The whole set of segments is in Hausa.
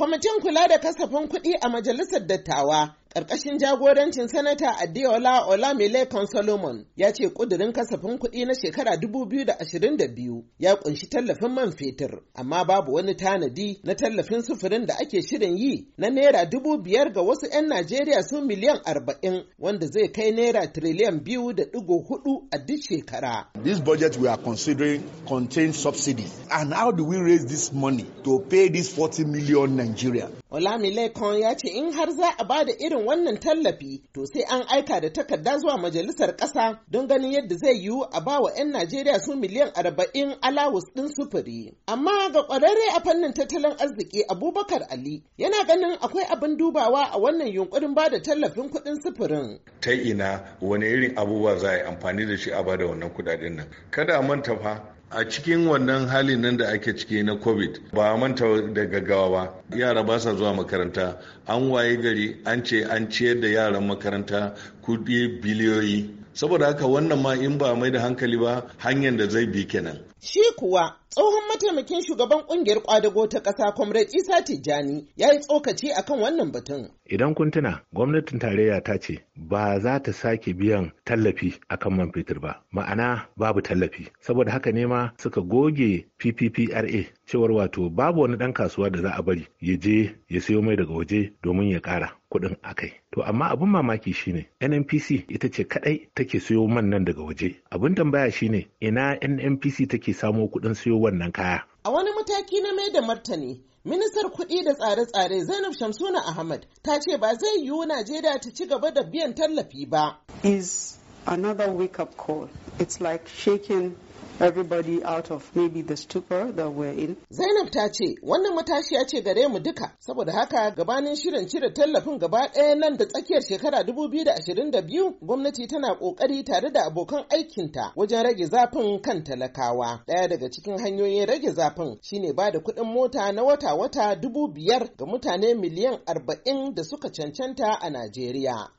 Kwamitin kula da kasafin kuɗi a Majalisar Dattawa ƙarƙashin jagorancin sanata Adeola Olamilekan Solomon ya ce ƙudurin kasafin kuɗi na shekara 2022 ya ƙunshi tallafin man fetur, amma babu wani tanadi na tallafin sufurin da ake shirin yi na naira dubu biyar ga wasu 'yan Najeriya su miliyan arba'in wanda zai kai naira triliyan biyu da digo hudu a duk shekara. This budget we are considering contains subsidies and how do we raise this money to pay these 40 million Nigerians? Olamilekan ya ce in har za a bada irin wannan tallafi to sai an aika da takarda zuwa majalisar ƙasa don ganin yadda zai yiwu a ba wa 'yan Najeriya su miliyan arba'in alawus ɗin sufuri. Amma ga ƙwararre a fannin tattalin arziki Abubakar Ali yana ganin akwai abin dubawa a wannan yunkurin bada tallafin kuɗin sufurin. Ta ina wani irin abubuwa za a yi amfani da shi a bada wannan kuɗaɗen nan. Kada a manta fa a cikin wannan hali nan da ake ciki na covid ba a manta da gaggawa ba yara ba sa zuwa makaranta an waye gari an ce an ciyar da yaran makaranta kudi biliyoyi saboda haka wannan ma in ba mai da hankali ba hanyar da zai bi kenan shi kuwa tsohon mataimakin shugaban kungiyar kwadago ta ƙasa comrade isa tijjani ya yi tsokaci akan wannan batun idan kun tuna gwamnatin tarayya ta ce ba za ta sake biyan tallafi akan man fetur ba ma'ana babu tallafi saboda haka ne ma suka goge pppra cewar wato babu wani ɗan kasuwa da za a bari ya je ya sayo mai daga waje domin ya ƙara kuɗin a kai. To amma abin mamaki shine NNPC ita ce kadai take siyo man nan daga waje. Abin tambaya shine ina NNPC take samo kuɗin siyo wannan kaya. A wani mataki na mai da martani, ministar kuɗi da tsare-tsare Zainab Shamsuna Ahmad ta ce ba zai yiwu Najeriya ta ci gaba da biyan tallafi ba. Is another wake up call. It's like shaking everybody out of maybe the stupor that we're in. Zainab ta ce wannan matashiya ce gare mu duka saboda haka gabanin shirin cire tallafin gaba ɗaya nan da tsakiyar shekara 2022 gwamnati tana ƙoƙari tare da abokan aikinta wajen rage zafin kan talakawa. Ɗaya daga cikin hanyoyin rage zafin shine ba da kuɗin mota na wata-wata dubu biyar ga mutane miliyan arba'in da suka cancanta a Najeriya.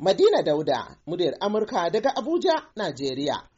Madina Dauda, muryar Amurka daga Abuja, Najeriya.